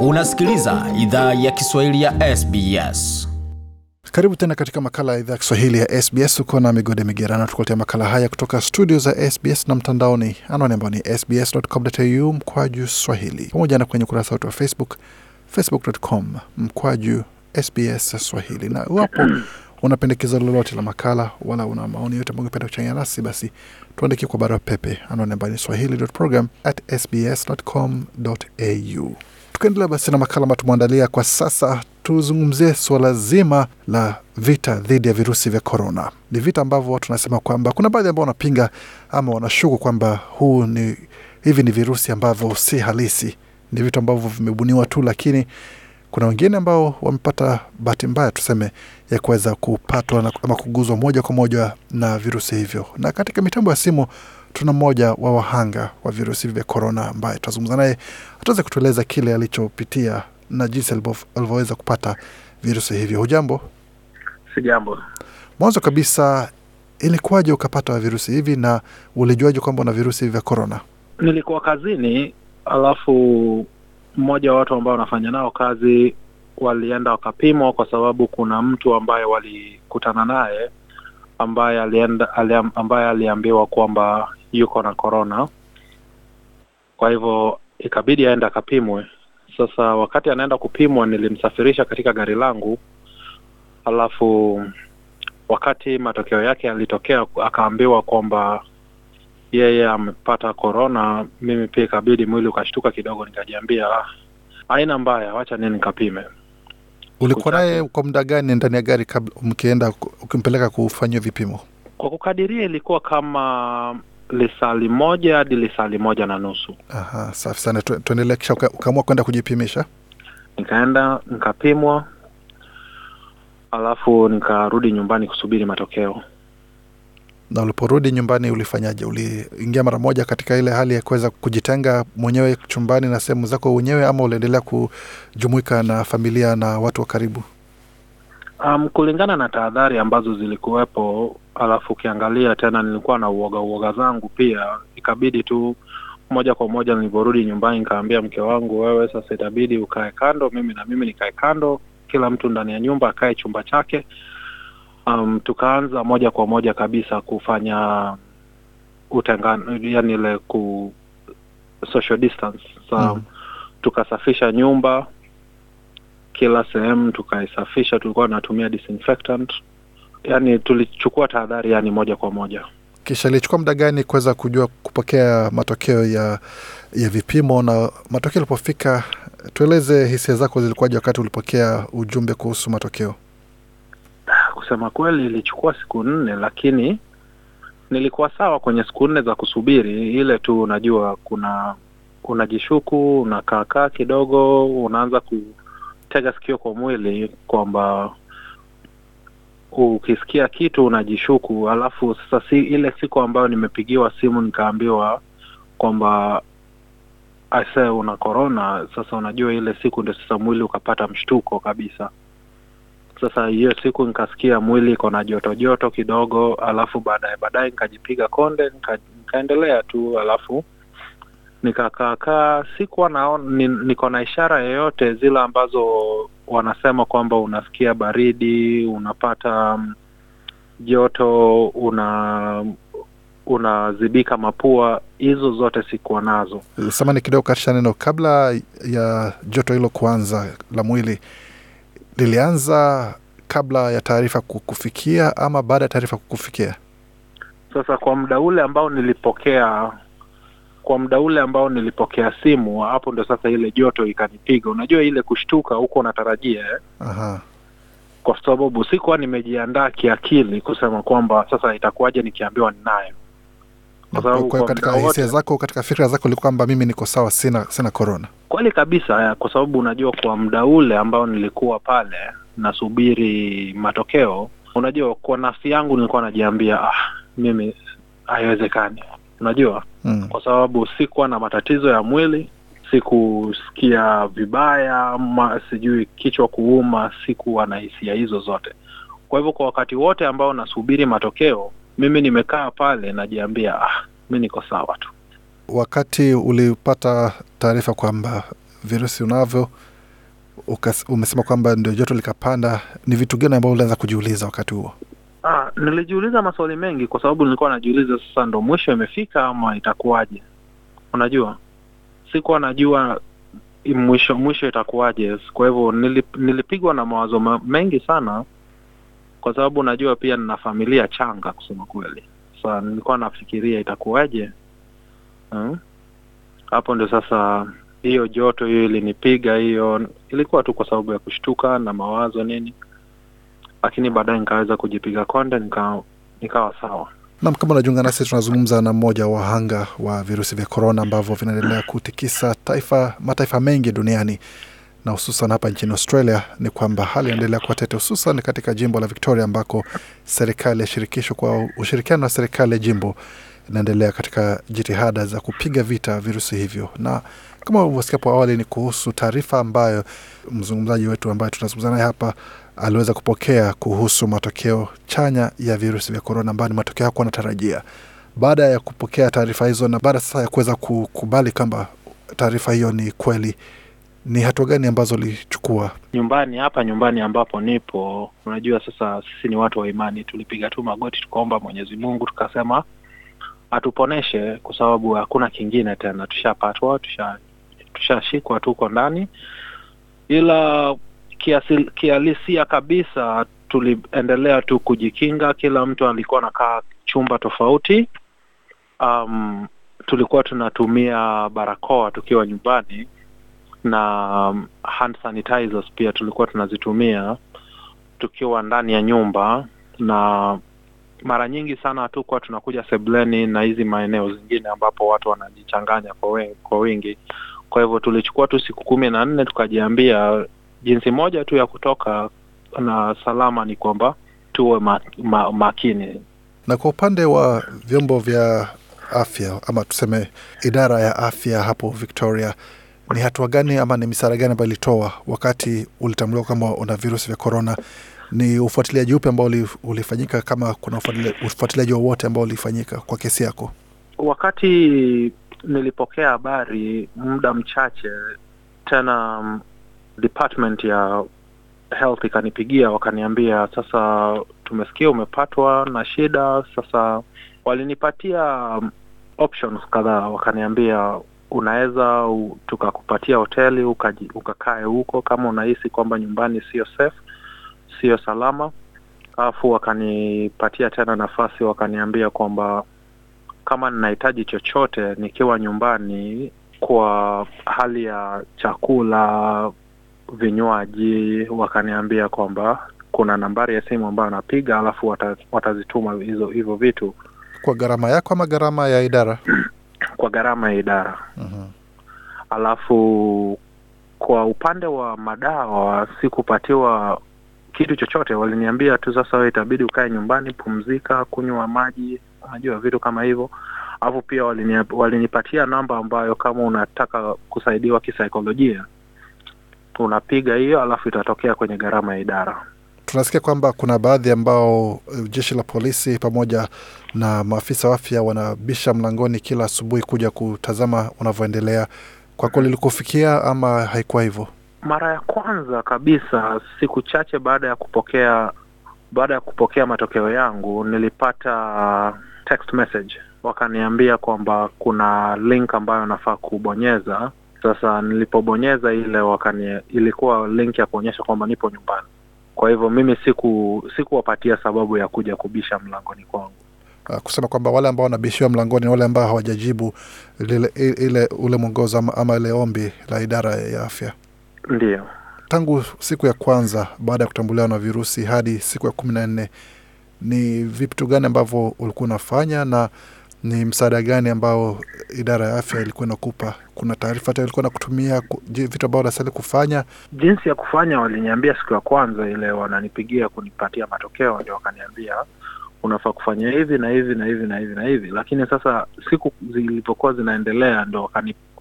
Unasikiliza idhaa ya Kiswahili ya SBS. Karibu tena katika makala ya idhaa ya Kiswahili ya SBS. Uko na migode migerano, tukuletea makala haya kutoka studio za SBS na mtandaoni, anwani ambao ni sbs.com.au mkwaju swahili, pamoja na kwenye ukurasa wetu wa Facebook, facebook.com mkwaju sbs swahili. Na iwapo unapendekeza lolote la makala wala una maoni yote ambao ungependa kuchangia nasi, basi tuandikie kwa barua pepe, anwani ambayo ni swahili.program@sbs.com.au. Tukaendelea basi na makala ambayo tumeandalia kwa sasa, tuzungumzie suala zima la vita dhidi ya virusi vya korona. Ni vita ambavyo watu wanasema kwamba kuna baadhi ambao wanapinga ama wanashuku kwamba huu ni hivi ni virusi ambavyo si halisi, ni vitu ambavyo vimebuniwa tu, lakini kuna wengine ambao wamepata bahati mbaya tuseme, ya kuweza kupatwa ama kuguzwa moja kwa moja na virusi hivyo. Na katika mitambo ya simu tuna mmoja wa wahanga wa virusi vya korona ambaye tutazungumza naye, ataweza kutueleza kile alichopitia na jinsi alivyoweza kupata virusi hivyo. Hujambo? Si jambo. Mwanzo kabisa, ilikuwaje ukapata virusi hivi na ulijuaje kwamba una virusi vya korona? Nilikuwa kazini, alafu mmoja wa watu ambao wanafanya nao kazi walienda wakapimwa, kwa sababu kuna mtu ambaye walikutana naye ambaye alienda ali, ambaye aliambiwa kwamba yuko na korona, kwa hivyo ikabidi aende akapimwe. Sasa wakati anaenda kupimwa, nilimsafirisha katika gari langu, alafu wakati matokeo yake yalitokea, akaambiwa kwamba yeye amepata korona. Mimi pia ikabidi mwili ukashtuka kidogo, nikajiambia aina mbaya, wacha nini nikapime. Ulikuwa naye kwa muda gani ndani ya gari kabla mkienda ukimpeleka kufanyiwa vipimo? Kwa kukadiria ilikuwa kama lisali moja hadi lisali moja na nusu. Aha, safi sana, tuendelea. Kisha ukaamua kwenda kujipimisha? Nikaenda nikapimwa, alafu nikarudi nyumbani kusubiri matokeo. Na uliporudi nyumbani ulifanyaje? Uliingia mara moja katika ile hali ya kuweza kujitenga mwenyewe chumbani na sehemu zako wenyewe ama uliendelea kujumuika na familia na watu wa karibu? Um, kulingana na tahadhari ambazo zilikuwepo, alafu ukiangalia tena, nilikuwa na uoga uoga zangu pia, ikabidi tu moja kwa moja nilivyorudi nyumbani nikaambia mke wangu, wewe sasa itabidi ukae kando, mimi na mimi nikae kando, kila mtu ndani ya nyumba akae chumba chake. Um, tukaanza moja kwa moja kabisa kufanya utengano, yani ile ku social distance. So, um, mm. tukasafisha nyumba kila sehemu tukaisafisha, tulikuwa tunatumia disinfectant, yani tulichukua tahadhari yani moja kwa moja. Kisha ilichukua muda gani kuweza kujua kupokea matokeo ya ya vipimo na matokeo yalipofika? Tueleze hisia zako zilikuwaje wakati ulipokea ujumbe kuhusu matokeo. Kusema kweli, ilichukua siku nne, lakini nilikuwa sawa kwenye siku nne za kusubiri. Ile tu unajua, kuna unajishuku, unakaakaa kidogo, unaanza ku tega sikio kwa mwili kwamba ukisikia kitu unajishuku, alafu sasa, si ile siku ambayo nimepigiwa simu nikaambiwa kwamba ase una korona. Sasa unajua ile siku ndio sasa mwili ukapata mshtuko kabisa. Sasa hiyo siku nikasikia mwili iko na joto joto kidogo, alafu baadaye baadaye nikajipiga konde nika, nikaendelea tu alafu nikakaakaa, sikuwa niko na ishara yeyote zile ambazo wanasema kwamba unasikia baridi, unapata mm, joto, una unazibika mapua, hizo zote sikuwa nazo. Samani kidogo katisha neno, kabla ya joto hilo kuanza la mwili lilianza kabla ya taarifa kukufikia ama baada ya taarifa kukufikia? Sasa kwa muda ule ambao nilipokea kwa muda ule ambao nilipokea simu, hapo ndo sasa ile joto ikanipiga. Unajua ile kushtuka huko unatarajia eh? Kwa sababu sikuwa nimejiandaa kiakili kusema kwamba sasa itakuwaje nikiambiwa ninayo, katika hisia zako, katika fikra zako ilikuwa kwamba mimi niko sawa, sina sina korona kweli kabisa ya, kwa sababu unajua kwa muda ule ambao nilikuwa pale nasubiri matokeo, unajua kwa nafsi yangu nilikuwa najiambia ah, mimi haiwezekani unajua mm. kwa sababu sikuwa na matatizo ya mwili sikusikia vibaya ma, sijui kichwa kuuma sikuwa na hisia hizo zote kwa hivyo kwa wakati wote ambao nasubiri matokeo mimi nimekaa pale najiambia ah, mi niko sawa tu wakati ulipata taarifa kwamba virusi unavyo umesema kwamba ndio joto likapanda ni vitu gani ambavyo ulianza kujiuliza wakati huo Ah, nilijiuliza maswali mengi kwa sababu nilikuwa najiuliza sasa ndo mwisho imefika ama itakuwaje? Unajua, sikuwa najua mwisho mwisho itakuwaje. Kwa hivyo nilip, nilipigwa na mawazo mengi sana, kwa sababu najua pia nina familia changa kusema kweli. Sasa nilikuwa nafikiria itakuwaje eh? hapo, hmm? Ndio sasa hiyo joto hiyo ilinipiga, hiyo ilikuwa tu kwa sababu ya kushtuka na mawazo nini lakini baadaye nikaweza kujipiga konde nikawa sawa. Nam, kama unajiunga nasi, tunazungumza na mmoja wa wahanga wa virusi vya korona ambavyo vinaendelea kutikisa taifa, mataifa mengi duniani na hususan hapa nchini Australia ni kwamba hali inaendelea kuwa tete, hususan katika jimbo la Victoria ambako serikali ya shirikisho kwa ushirikiano na serikali ya jimbo inaendelea katika jitihada za kupiga vita virusi hivyo. Na kama ulivyosikia hapo awali, ni kuhusu taarifa ambayo mzungumzaji wetu ambaye tunazungumza naye hapa aliweza kupokea kuhusu matokeo chanya ya virusi vya korona ambayo ni matokeo yako anatarajia. Baada ya kupokea taarifa hizo na baada sasa ya kuweza kukubali kwamba taarifa hiyo ni kweli, ni hatua gani ambazo ulichukua? Nyumbani hapa nyumbani ambapo nipo, unajua sasa sisi ni watu wa imani, tulipiga tu magoti tukaomba Mwenyezi Mungu, tukasema atuponeshe kwa sababu hakuna kingine tena, tushapatwa, tushashikwa, tusha tuko ndani, ila kiasil, kialisia kabisa tuliendelea tu kujikinga. Kila mtu alikuwa anakaa chumba tofauti. Um, tulikuwa tunatumia barakoa tukiwa nyumbani na um, hand sanitizers pia tulikuwa tunazitumia tukiwa ndani ya nyumba, na mara nyingi sana hatukuwa tunakuja sebleni na hizi maeneo zingine ambapo watu wanajichanganya kwa wingi. Kwa hivyo tulichukua tu siku kumi na nne tukajiambia jinsi moja tu ya kutoka na salama ni kwamba tuwe ma, ma, makini. Na kwa upande wa vyombo vya afya ama tuseme idara ya afya hapo Victoria, ni hatua gani ama ni misara gani ambayo ilitoa wakati ulitambuliwa kama una virusi vya korona? Ni ufuatiliaji upi ambao ulifanyika, kama kuna ufuatiliaji wowote ambao ulifanyika kwa kesi yako? Wakati nilipokea habari muda mchache tena department ya health ikanipigia wakaniambia, sasa tumesikia umepatwa na shida. Sasa walinipatia um, options kadhaa, wakaniambia unaweza tukakupatia hoteli ukakae huko kama unahisi kwamba nyumbani sio safe, sio salama. Alafu wakanipatia tena nafasi, wakaniambia kwamba kama ninahitaji chochote nikiwa nyumbani, kwa hali ya chakula vinywaji wakaniambia kwamba kuna nambari ya simu ambayo anapiga alafu watazituma hizo hivyo vitu kwa gharama yako ama gharama ya idara kwa gharama ya idara uh-huh. alafu kwa upande wa madawa sikupatiwa kitu chochote waliniambia tu sasa w itabidi ukae nyumbani pumzika kunywa maji unajua vitu kama hivyo alafu pia walinipatia namba ambayo kama unataka kusaidiwa kisaikolojia unapiga hiyo, alafu itatokea kwenye gharama ya idara. Tunasikia kwamba kuna baadhi ambao eh, jeshi la polisi pamoja na maafisa wa afya wanabisha mlangoni kila asubuhi kuja kutazama unavyoendelea. Kwako lilikufikia ama haikuwa hivyo? Mara ya kwanza kabisa, siku chache baada ya kupokea baada ya kupokea matokeo yangu, nilipata text message wakaniambia kwamba kuna link ambayo nafaa kubonyeza sasa nilipobonyeza ile wakani, ilikuwa link ya kuonyesha kwamba nipo nyumbani. Kwa hivyo mimi siku sikuwapatia sababu ya kuja kubisha mlangoni kwangu, ah, kusema kwamba wale ambao wanabishiwa mlangoni ni wale ambao hawajajibu ile, ile ule mwongozo ama, ama ile ombi la idara ya afya. ndio tangu siku ya kwanza baada ya kutambuliwa na virusi hadi siku ya kumi na nne ni vitu gani ambavyo ulikuwa unafanya na ni msaada gani ambao idara ya afya ilikuwa inakupa? Kuna taarifa hata ilikuwa nakutumia vitu ambao unastahili kufanya? Jinsi ya kufanya waliniambia siku ya kwanza ile, wananipigia kunipatia matokeo, ndio wakaniambia unafaa kufanya hivi na hivi na hivi na hivi na hivi. Lakini sasa siku zilivyokuwa zinaendelea, ndo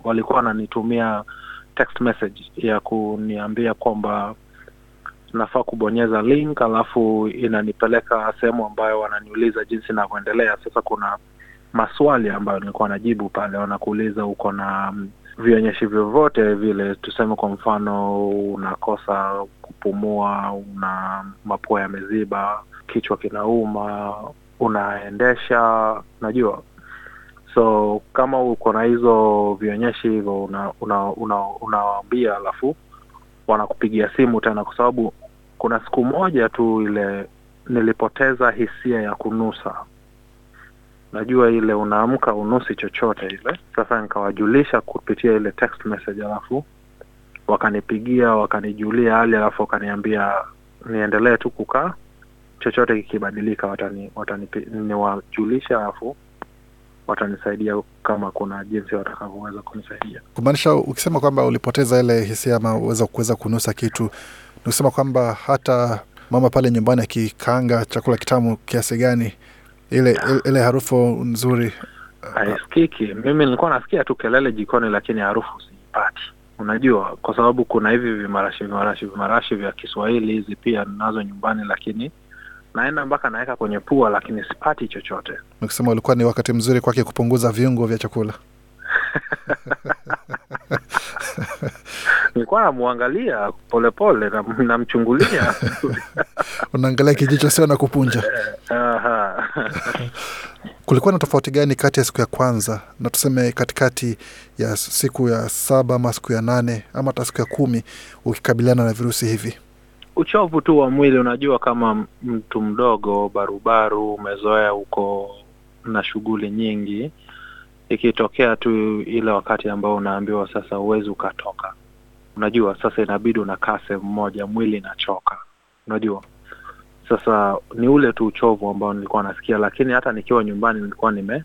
walikuwa wananitumia text message ya kuniambia kwamba nafaa kubonyeza link, alafu inanipeleka sehemu ambayo wananiuliza jinsi inavyoendelea Sasa kuna maswali ambayo nilikuwa najibu pale, wanakuuliza uko na mm, vionyeshi vyovyote vile, tuseme kwa mfano unakosa kupumua, una mapua yameziba, kichwa kinauma, unaendesha, najua so kama uko na hizo vionyeshi hivyo una, una, una alafu wanakupigia simu tena, kwa sababu kuna siku moja tu ile nilipoteza hisia ya kunusa najua ile unaamka unusi chochote ile. Sasa nikawajulisha kupitia ile text message, alafu wakanipigia wakanijulia hali, alafu wakaniambia niendelee tu kukaa, chochote kikibadilika watani, watani, niwajulisha alafu watanisaidia kama kuna jinsi watakavyoweza kunisaidia. Kumaanisha ukisema kwamba ulipoteza ile hisia ama uweza kuweza kunusa kitu, ni kusema kwamba hata mama pale nyumbani akikaanga chakula kitamu kiasi gani ile ile harufu nzuri haisikiki. Mimi nilikuwa nasikia tu kelele jikoni, lakini harufu siipati. Unajua, kwa sababu kuna hivi vimarashi vimarashi vimarashi vya Kiswahili hizi pia nazo nyumbani, lakini naenda mpaka naweka kwenye pua, lakini sipati chochote. ukisema ulikuwa ni wakati mzuri kwake kupunguza viungo vya chakula nilikuwa namwangalia polepole, namchungulia. Unaangalia kijicho sio na kupunja. Kulikuwa na tofauti gani kati ya siku ya kwanza na tuseme katikati ya siku ya saba ama siku ya nane ama hata siku ya kumi ukikabiliana na virusi hivi? Uchovu tu wa mwili, unajua, kama mtu mdogo, barubaru, umezoea uko na shughuli nyingi, ikitokea tu ile wakati ambao unaambiwa sasa huwezi ukatoka, unajua, sasa inabidi unakaa sehemu moja, mwili inachoka, unajua sasa ni ule tu uchovu ambao nilikuwa nasikia, lakini hata nikiwa nyumbani nilikuwa nime,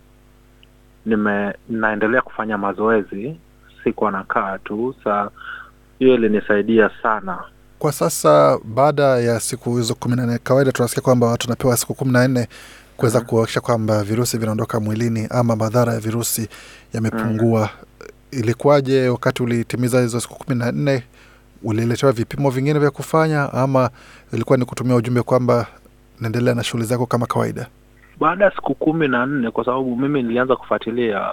nime naendelea kufanya mazoezi, sikuwa nakaa tu. Sa hiyo ilinisaidia sana kwa sasa. Baada ya siku hizo kumi na nne, kawaida tunasikia kwamba watu napewa siku kumi na nne kuweza mm mm-hmm. kuakisha kwamba virusi vinaondoka mwilini ama madhara ya virusi yamepungua. mm Ilikuwaje wakati ulitimiza hizo siku kumi na nne? uliletewa vipimo vingine vya kufanya ama ilikuwa ni kutumia ujumbe kwamba naendelea na shughuli zako kama kawaida? Baada ya siku kumi na nne, kwa sababu mimi nilianza kufuatilia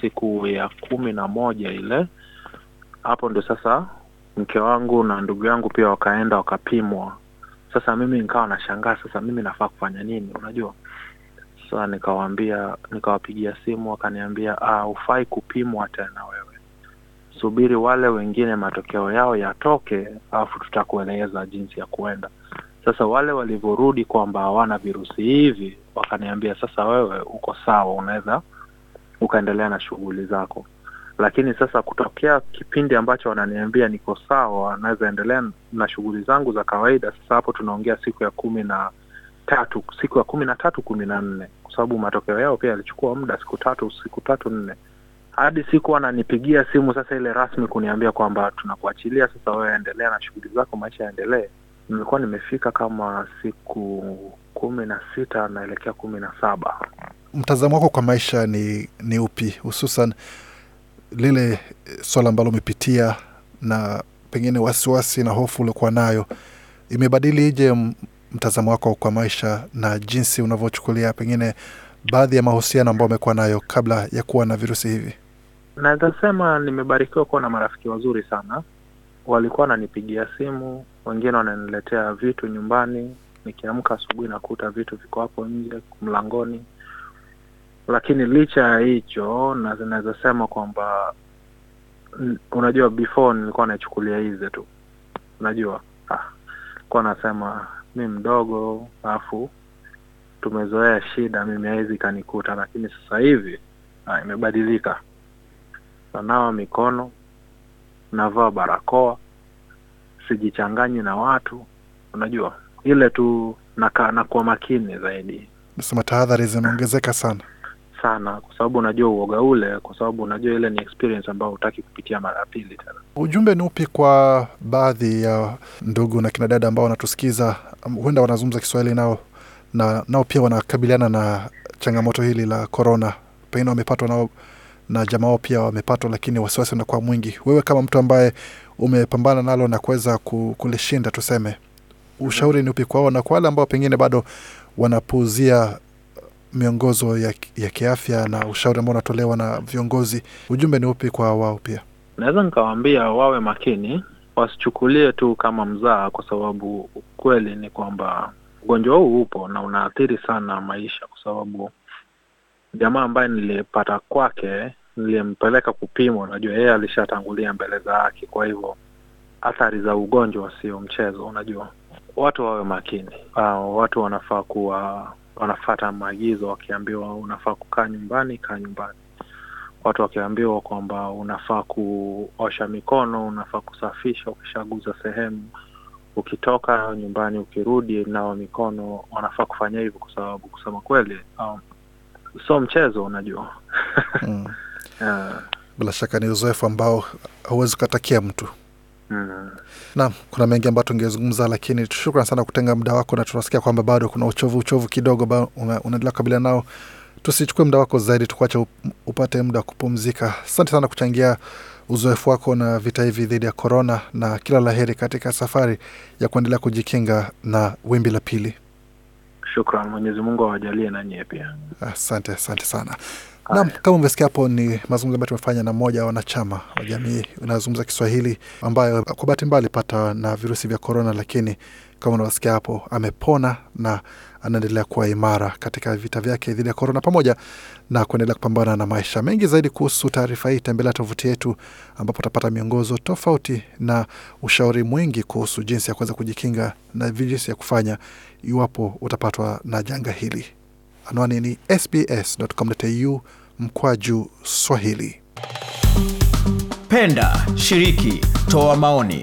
siku ya kumi na moja ile, hapo ndio sasa mke wangu na ndugu yangu pia wakaenda wakapimwa. Sasa mimi nikawa nashangaa, sasa mimi nafaa kufanya nini? Unajua, sasa nikawaambia, nikawapigia simu, wakaniambia ah, hufai kupimwa tena, tusubiri wale wengine matokeo yao yatoke, alafu tutakueleza jinsi ya kuenda. Sasa wale walivyorudi kwamba hawana virusi hivi, wakaniambia sasa, wewe uko sawa, unaweza ukaendelea na shughuli zako. Lakini sasa kutokea kipindi ambacho wananiambia niko sawa, naweza endelea na shughuli zangu za kawaida, sasa hapo tunaongea siku ya kumi na tatu siku ya kumi na tatu kumi na nne kwa sababu matokeo yao pia yalichukua muda siku tatu siku tatu nne hadi siku ananipigia simu sasa ile rasmi kuniambia kwamba tunakuachilia sasa, wewe endelea na shughuli zako, maisha yaendelee. Nilikuwa nimefika kama siku kumi na sita naelekea kumi na saba. Mtazamo wako kwa maisha ni, ni upi, hususan lile swala ambalo umepitia na pengine wasiwasi na hofu uliokuwa nayo, imebadili ije mtazamo wako kwa maisha na jinsi unavyochukulia pengine baadhi ya mahusiano ambayo amekuwa nayo kabla ya kuwa na virusi hivi? Naweza sema nimebarikiwa kuwa na marafiki wazuri sana, walikuwa wananipigia simu, wengine wananiletea vitu nyumbani. Nikiamka asubuhi nakuta vitu viko hapo nje mlangoni. Lakini licha ya hicho, naweza sema kwamba unajua, before nilikuwa naichukulia hizi tu, unajua ah, kuwa nasema mi mdogo, alafu tumezoea shida, mimi haizi ikanikuta Lakini sasa hivi ah, imebadilika nanawa mikono, navaa barakoa, sijichanganyi na watu, unajua ile tu nakaa nakuwa makini zaidi. Nasema tahadhari zimeongezeka sana sana, kwa sababu unajua uoga ule, kwa sababu unajua ile ni experience ambayo hutaki kupitia mara ya pili tena. Ujumbe ni upi kwa baadhi ya ndugu na kina dada ambao wanatusikiza, um, huenda wanazungumza Kiswahili nao na nao pia wanakabiliana na changamoto hili la korona, pengine wamepatwa nao na jamaa wao pia wamepatwa, lakini wasiwasi unakuwa mwingi. Wewe kama mtu ambaye umepambana nalo na kuweza kulishinda, tuseme, ushauri ni upi kwao na kwa wale ambao pengine bado wanapuuzia miongozo ya, ya kiafya na ushauri ambao unatolewa na viongozi, ujumbe ni upi kwa wao pia? Naweza nikawaambia wawe makini, wasichukulie tu kama mzaa, kwa sababu ukweli ni kwamba ugonjwa huu upo na unaathiri sana maisha, kwa sababu jamaa ambaye nilipata kwake nilimpeleka kupimwa. Unajua yeye alishatangulia mbele za haki, kwa hivyo athari za ugonjwa sio mchezo. Unajua watu wawe makini. Uh, watu wanafaa kuwa wanafata maagizo, wakiambiwa unafaa kukaa nyumbani, kaa nyumbani. Watu wakiambiwa kwamba unafaa kuosha mikono, unafaa kusafisha ukishaguza sehemu, ukitoka nyumbani, ukirudi nao mikono, wanafaa kufanya hivyo, kwa sababu kusema kweli, um, so mchezo unajua mm. yeah. Bila shaka ni uzoefu ambao hauwezi ukatakia mtu mm. Naam, kuna mengi ambayo tungezungumza, lakini shukran sana kutenga muda wako, na tunasikia kwamba bado kuna uchovu uchovu kidogo unaendelea kukabiliana nao. Tusichukue muda wako zaidi, tukuache upate muda wa kupumzika. Asante sana kuchangia uzoefu wako na vita hivi dhidi ya korona, na kila la heri katika safari ya kuendelea kujikinga na wimbi la pili. Shukran, Mwenyezi Mungu awajalie na nyie pia. Asante, asante sana. Naam, kama umesikia hapo ni mazungumzo ambayo tumefanya na mmoja wa wanachama wa jamii unazungumza Kiswahili ambayo kwa bahati mbaya alipata na virusi vya korona, lakini kama unawasikia hapo, amepona na anaendelea kuwa imara katika vita vyake dhidi ya korona, pamoja na kuendelea kupambana na maisha mengi. Zaidi kuhusu taarifa hii, tembelea tovuti yetu, ambapo utapata miongozo tofauti na ushauri mwingi kuhusu jinsi ya kuweza kujikinga na jinsi ya kufanya iwapo utapatwa na janga hili. Anwani ni sbs.com.au mkwaju Swahili. Penda, shiriki, toa maoni